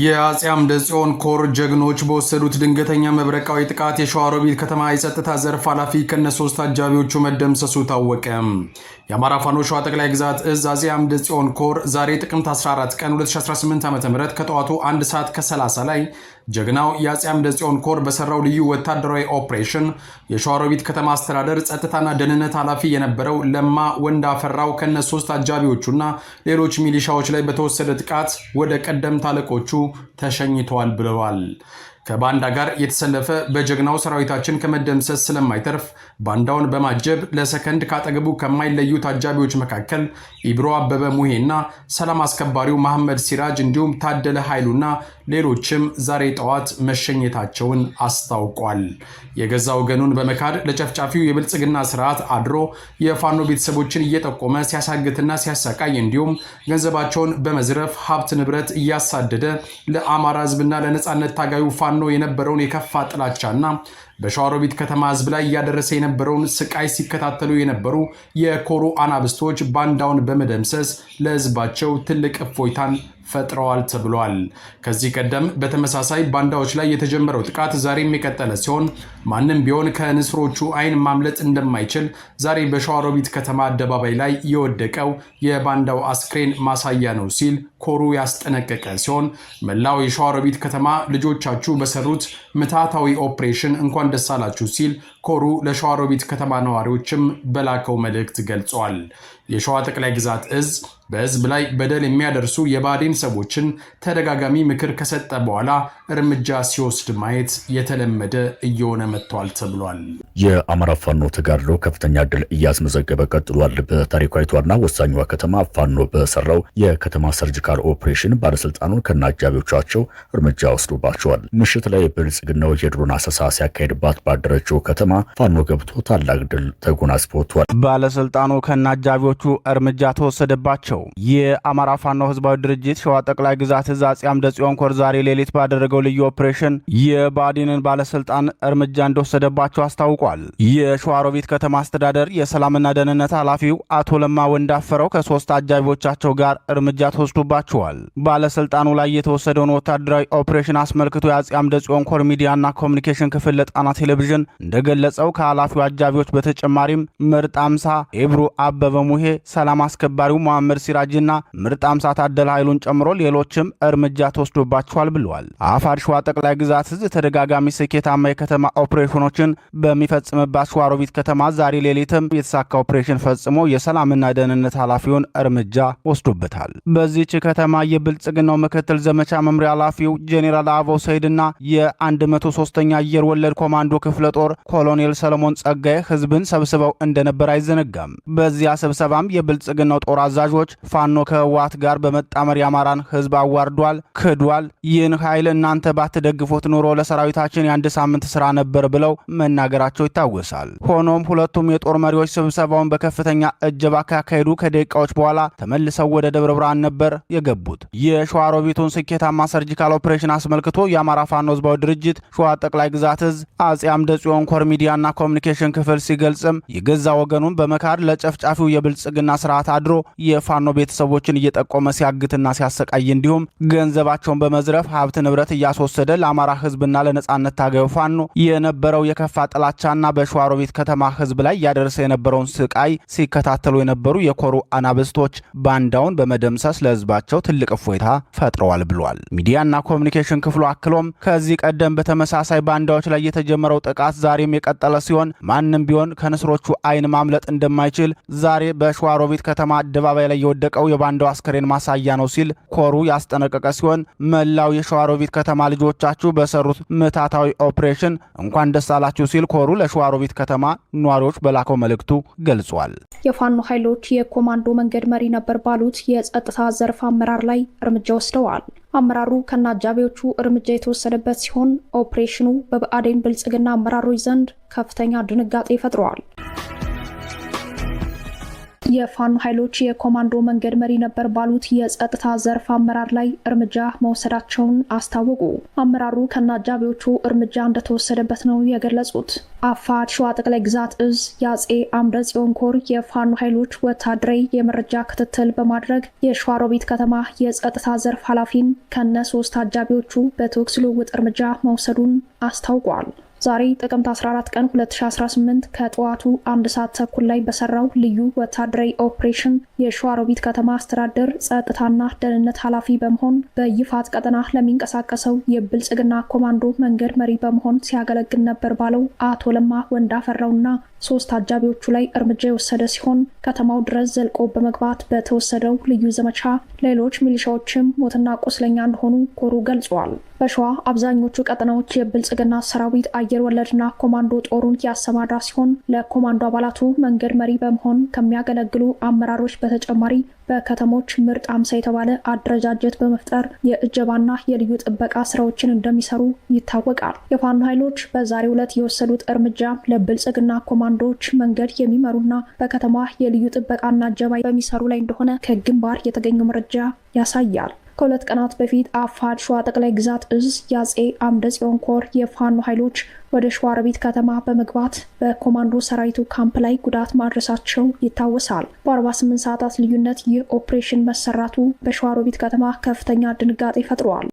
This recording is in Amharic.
የአጼ አምደ ጽዮን ኮር ጀግኖች በወሰዱት ድንገተኛ መብረቃዊ ጥቃት የሸዋሮቢት ከተማ የጸጥታ ዘርፍ ኃላፊ ከነ ሶስት አጃቢዎቹ መደምሰሱ ታወቀ። የአማራ ፋኖ ሸዋ ጠቅላይ ግዛት እዝ አጼ አምደ ጽዮን ኮር ዛሬ ጥቅምት 14 ቀን 2018 ዓ ም ከጠዋቱ 1 ሰዓት ከ30 ላይ ጀግናው የአፄ አምደ ጽዮን ኮር በሰራው ልዩ ወታደራዊ ኦፕሬሽን የሸዋሮቢት ከተማ አስተዳደር ጸጥታና ደህንነት ኃላፊ የነበረው ለማ ወንድ አፈራው ከነ ሶስት አጃቢዎቹና ሌሎች ሚሊሻዎች ላይ በተወሰደ ጥቃት ወደ ቀደምት አለቆቹ ተሸኝተዋል ብለዋል። ከባንዳ ጋር የተሰለፈ በጀግናው ሰራዊታችን ከመደምሰስ ስለማይተርፍ ባንዳውን በማጀብ ለሰከንድ ካጠገቡ ከማይለዩ ታጃቢዎች መካከል ኢብሮ አበበ ሙሄና ሰላም አስከባሪው መሐመድ ሲራጅ እንዲሁም ታደለ ኃይሉና ሌሎችም ዛሬ ጠዋት መሸኘታቸውን አስታውቋል። የገዛ ወገኑን በመካድ ለጨፍጫፊው የብልጽግና ስርዓት አድሮ የፋኖ ቤተሰቦችን እየጠቆመ ሲያሳግትና ሲያሰቃይ እንዲሁም ገንዘባቸውን በመዝረፍ ሀብት ንብረት እያሳደደ ለአማራ ህዝብና ለነፃነት ታጋዩ ፋኖ የነበረውን የከፋ ጥላቻና በሸዋሮቢት ከተማ ህዝብ ላይ እያደረሰ የነበረውን ስቃይ ሲከታተሉ የነበሩ የኮሮ አናብስቶች ባንዳውን በመደምሰስ ለህዝባቸው ትልቅ እፎይታን ፈጥረዋል ተብሏል። ከዚህ ቀደም በተመሳሳይ ባንዳዎች ላይ የተጀመረው ጥቃት ዛሬም የቀጠለ ሲሆን ማንም ቢሆን ከንስሮቹ አይን ማምለጥ እንደማይችል ዛሬ በሸዋሮቢት ከተማ አደባባይ ላይ የወደቀው የባንዳው አስክሬን ማሳያ ነው ሲል ኮሩ ያስጠነቀቀ ሲሆን መላው የሸዋሮቢት ከተማ ልጆቻችሁ በሰሩት ምታታዊ ኦፕሬሽን እንኳን እንኳን ደስ አላችሁ ሲል ኮሩ ለሸዋሮቢት ከተማ ነዋሪዎችም በላከው መልእክት ገልጿል። የሸዋ ጠቅላይ ግዛት እዝ በህዝብ ላይ በደል የሚያደርሱ የባዴን ሰዎችን ተደጋጋሚ ምክር ከሰጠ በኋላ እርምጃ ሲወስድ ማየት የተለመደ እየሆነ መጥቷል ተብሏል። የአማራ ፋኖ ተጋድሎ ከፍተኛ ድል እያስመዘገበ ቀጥሏል። በታሪካዊቷና ወሳኛዋ ከተማ ፋኖ በሰራው የከተማ ሰርጂካል ኦፕሬሽን ባለስልጣኑን ከነአጃቢዎቻቸው እርምጃ ወስዶባቸዋል። ምሽት ላይ ብልጽግናው የድሮን አሰሳ ሲያካሄድባት ባደረችው ከተማ ፋኖ ገብቶ ታላቅ ድል ተጎናጽፎቷል። ባለስልጣኑ ከነአጃቢዎቹ አመራሮቹ እርምጃ ተወሰደባቸው። የአማራ ፋኖ ህዝባዊ ድርጅት ሸዋ ጠቅላይ ግዛት እዝ አፄ አምደ ጽዮን ኮር ዛሬ ሌሊት ባደረገው ልዩ ኦፕሬሽን የባዲንን ባለስልጣን እርምጃ እንደወሰደባቸው አስታውቋል። የሸዋሮቢት ከተማ አስተዳደር የሰላምና ደህንነት ኃላፊው አቶ ለማ ወንዳፈረው ከሶስት አጃቢዎቻቸው ጋር እርምጃ ተወስዶባቸዋል። ባለስልጣኑ ላይ የተወሰደውን ወታደራዊ ኦፕሬሽን አስመልክቶ የአፄ አምደ ጽዮን ኮር ሚዲያና ኮሚኒኬሽን ክፍል ለጣና ቴሌቪዥን እንደገለጸው ከኃላፊው አጃቢዎች በተጨማሪም ምርጥ አምሳ ኤብሩ አበበ ሙሄ ቡሄ ሰላም አስከባሪው መሐመድ ሲራጅና ምርጥ አምሳ ታደለ ኃይሉን ጨምሮ ሌሎችም እርምጃ ተወስዶባቸዋል ብለዋል። አፋር ሸዋ ጠቅላይ ግዛት እዝ ተደጋጋሚ ስኬታማ የከተማ ኦፕሬሽኖችን በሚፈጽምባት ሸዋሮቢት ከተማ ዛሬ ሌሊትም የተሳካ ኦፕሬሽን ፈጽሞ የሰላምና ደህንነት ኃላፊውን እርምጃ ወስዶበታል። በዚህች ከተማ የብልጽግናው ምክትል ዘመቻ መምሪያ ኃላፊው ጄኔራል አበው ሰይድና የ103ኛ አየር ወለድ ኮማንዶ ክፍለ ጦር ኮሎኔል ሰለሞን ጸጋዬ ህዝብን ሰብስበው እንደነበር አይዘነጋም። በዚያ ስብሰባ አበባም የብልጽግናው ጦር አዛዦች ፋኖ ከህወሓት ጋር በመጣመር የአማራን ህዝብ አዋርዷል፣ ክዷል። ይህን ኃይል እናንተ ባትደግፉት ኑሮ ለሰራዊታችን የአንድ ሳምንት ስራ ነበር ብለው መናገራቸው ይታወሳል። ሆኖም ሁለቱም የጦር መሪዎች ስብሰባውን በከፍተኛ እጀባ ካካሄዱ ከደቂቃዎች በኋላ ተመልሰው ወደ ደብረ ብርሃን ነበር የገቡት። የሸዋሮቢቱን ስኬታማ ሰርጂካል ኦፕሬሽን አስመልክቶ የአማራ ፋኖ ህዝባዊ ድርጅት ሸዋ ጠቅላይ ግዛት እዝ አጼ አምደ ጽዮን ኮር ሚዲያና ኮሚኒኬሽን ክፍል ሲገልጽም የገዛ ወገኑን በመካድ ለጨፍጫፊው የብልጽ የብልጽግና ስርዓት አድሮ የፋኖ ቤተሰቦችን እየጠቆመ ሲያግትና ሲያሰቃይ እንዲሁም ገንዘባቸውን በመዝረፍ ሀብት ንብረት እያስወሰደ ለአማራ ህዝብና ለነጻነት ታገዩ ፋኖ የነበረው የከፋ ጥላቻና በሸዋሮቢት ከተማ ህዝብ ላይ እያደረሰ የነበረውን ስቃይ ሲከታተሉ የነበሩ የኮሩ አናብስቶች ባንዳውን በመደምሰስ ለህዝባቸው ትልቅ እፎይታ ፈጥረዋል ብሏል። ሚዲያና ኮሚኒኬሽን ክፍሉ አክሎም ከዚህ ቀደም በተመሳሳይ ባንዳዎች ላይ የተጀመረው ጥቃት ዛሬም የቀጠለ ሲሆን ማንም ቢሆን ከንስሮቹ አይን ማምለጥ እንደማይችል ዛሬ በ በሸዋሮቢት ከተማ አደባባይ ላይ የወደቀው የባንዳው አስከሬን ማሳያ ነው ሲል ኮሩ ያስጠነቀቀ ሲሆን መላው የሸዋሮቢት ከተማ ልጆቻችሁ በሰሩት ምታታዊ ኦፕሬሽን እንኳን ደስ አላችሁ ሲል ኮሩ ለሸዋሮቢት ከተማ ነዋሪዎች በላከው መልእክቱ ገልጿል። የፋኖ ኃይሎች የኮማንዶ መንገድ መሪ ነበር ባሉት የጸጥታ ዘርፍ አመራር ላይ እርምጃ ወስደዋል። አመራሩ ከነአጃቢዎቹ እርምጃ የተወሰደበት ሲሆን ኦፕሬሽኑ በብአዴን ብልጽግና አመራሮች ዘንድ ከፍተኛ ድንጋጤ ፈጥረዋል። የፋኖ ኃይሎች የኮማንዶ መንገድ መሪ ነበር ባሉት የጸጥታ ዘርፍ አመራር ላይ እርምጃ መውሰዳቸውን አስታወቁ። አመራሩ ከነአጃቢዎቹ እርምጃ እንደተወሰደበት ነው የገለጹት። አፋድ ሸዋ ጠቅላይ ግዛት እዝ የአጼ አምደ ጽዮን ኮር የፋኖ ኃይሎች ወታደራዊ የመረጃ ክትትል በማድረግ የሸዋሮቢት ከተማ የጸጥታ ዘርፍ ኃላፊን ከነ ሶስት አጃቢዎቹ በተኩስ ልውውጥ እርምጃ መውሰዱን አስታውቋል። ዛሬ ጥቅምት 14 ቀን 2018 ከጠዋቱ አንድ ሰዓት ተኩል ላይ በሰራው ልዩ ወታደራዊ ኦፕሬሽን የሸዋሮቢት ከተማ አስተዳደር ጸጥታና ደህንነት ኃላፊ በመሆን በይፋት ቀጠና ለሚንቀሳቀሰው የብልጽግና ኮማንዶ መንገድ መሪ በመሆን ሲያገለግል ነበር ባለው አቶ ለማ ወንዳፈራውና ሶስት አጃቢዎቹ ላይ እርምጃ የወሰደ ሲሆን ከተማው ድረስ ዘልቆ በመግባት በተወሰደው ልዩ ዘመቻ ሌሎች ሚሊሻዎችም ሞትና ቁስለኛ እንደሆኑ ኮሩ ገልጿል። በሸዋ አብዛኞቹ ቀጠናዎች የብልጽግና ሰራዊት አየር ወለድና ኮማንዶ ጦሩን ያሰማራ ሲሆን ለኮማንዶ አባላቱ መንገድ መሪ በመሆን ከሚያገለግሉ አመራሮች በተጨማሪ በከተሞች ምርጥ አምሳ የተባለ አደረጃጀት በመፍጠር የእጀባና የልዩ ጥበቃ ስራዎችን እንደሚሰሩ ይታወቃል። የፋኖ ኃይሎች በዛሬው ዕለት የወሰዱት እርምጃ ለብልጽግና ኮማንዶ ኮማንዶዎች መንገድ የሚመሩና በከተማ የልዩ ጥበቃና እጀባ በሚሰሩ ላይ እንደሆነ ከግንባር የተገኘው መረጃ ያሳያል። ከሁለት ቀናት በፊት አፋድ ሸዋ ጠቅላይ ግዛት እዝ የአጼ አምደ ጽዮን ኮር የፋኖ ኃይሎች ወደ ሸዋሮቢት ከተማ በመግባት በኮማንዶ ሰራዊቱ ካምፕ ላይ ጉዳት ማድረሳቸው ይታወሳል። በ48 ሰዓታት ልዩነት ይህ ኦፕሬሽን መሰራቱ በሸዋሮቢት ከተማ ከፍተኛ ድንጋጤ ፈጥሯል።